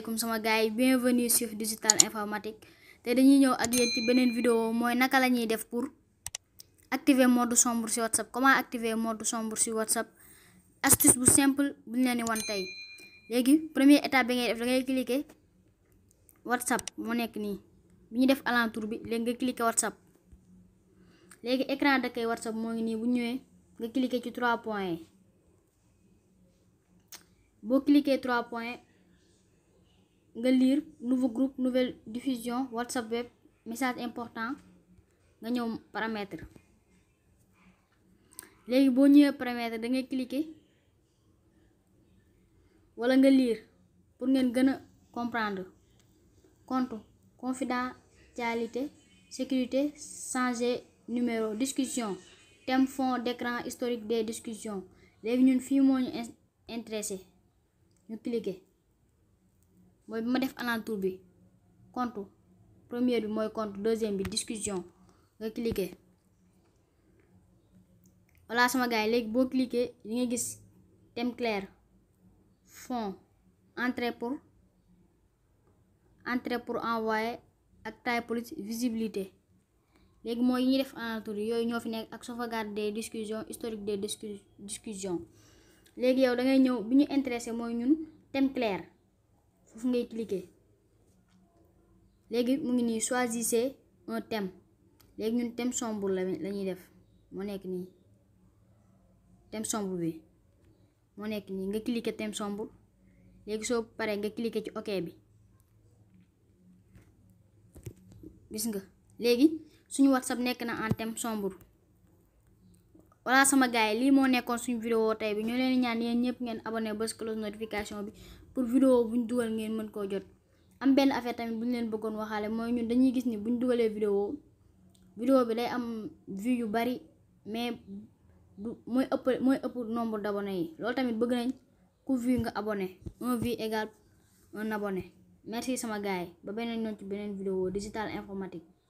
asalaamaaleykum sama gars yi bienvenue sur digital informatique te dañuy ñëw ak yéen ci beneen video mooy naka la ñuy def pour activer mode sombre si whatsapp comment activer mode sombre si whatsapp astuce bu simple bu ñu leen di wan tey léegi première étape bi ngay def da ngay cliquer whatsapp moo nekk nii bi ñu def alentour bi léegi nga cliquer whatsapp léegi écran d'accueil whatsapp moo ngi nii bu ñëwee nga cliquer ci trois points boo cliquer trois points nga lire nouveau groupe nouvelle diffusion whatsapp web message important nga ñëw paramètre léegi boo ñëwee paramètre da ngay cliquer wala nga liir pour ngeen gën a comprendre compte confidentialité sécurité changé numéro discussion thème fond d'écran historique des discussions léegi ñun fii moo ñu intéressé ñu cliquer mooy bi ma def alentour bi compte première bi mooy compte deuxième bi discussion nga cliquer voilà sama gars léegi boo cliquer li nga gis thème clair fond entrée pour entrée pour envoyé ak taille police visibilité léegi mooy yi ñuy def alentour yi yooyu ñoo fi nekk ak sauvegarde des discussions historique des discussions léegi yow da ngay ñëw bi ñu intéressé mooy ñun thème clair foofu ngay cliquer léegi mu ngi nii choisissez un thème léegi ñun thème sombre la lañuy def moo nekk nii thème sombre bi moo nekk nii nga cliquer thème sombre léegi soo paree nga cliquer ci ok bi gis nga léegi suñu WhatsApp nekk na en thème sombre voilà sama gars yi lii moo nekkoon suñu vidéo tey bi ñoo leen di ñaan yéen ñëpp ngeen abonné bës close notification bi pour vidéo buñ dugal ngeen mën koo jot am benn affaire tamit bu ñu leen bëggoon waxaale mooy ñun dañuy gis ni buñ dugalee vidéo vidéo bi day am vie yu bari mais mooy ëpp mooy ëpp nombre d'abonnés yi loolu tamit bëgg nañ ku vue nga abonné un vue égale un abonné merci sama gars yi ba beneen yoon ci beneen vidéo digital informatique